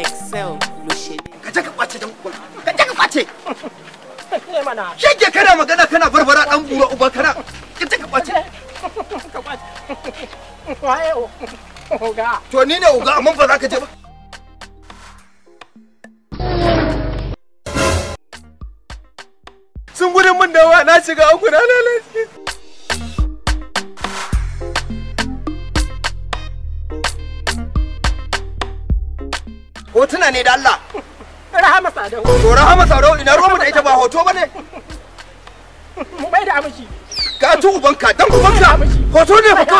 excel lushene ka je ka kwace dan uban ka je ka kwace shi ke kana magana kana barbara dan bura uba kana ka je ka kwace ka kwace waye oga to ni ne oga amma ba za ka je ba sun gudun min da wa na shiga uku na lalace hotuna ne da Allah rahama sadau to rahama sadau ina ruwan da ita ba hoto bane mu bai da amshi ka ci ubanka dan ubanka hoto ne hoto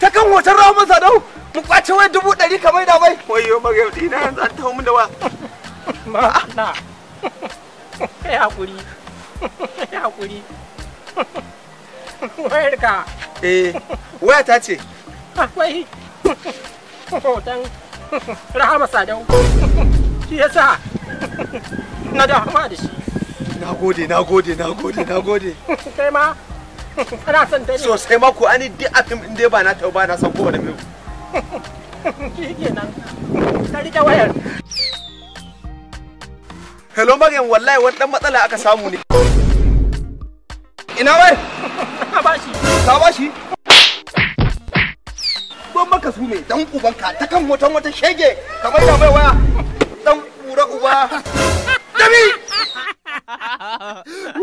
ta kan hotar rahama sadau mu kwace wai dubu ɗari ka mai da bai wayo magana dina yanzu an tawo mun da wa ma na kai hakuri kai hakuri wayar ka eh waya ta ce akwai dan rahama sadau shi yasa na da hama da shi na gode na gode na gode na gode kai ma dai ma ko ani duk afim dai ba na tau ba na san mai shi kenan ka rike wayar hello dan matsala aka samu ne ina wai ka me dan ubanka ta kan motan wata shege kamar da baiwa waya dan kura uba dabi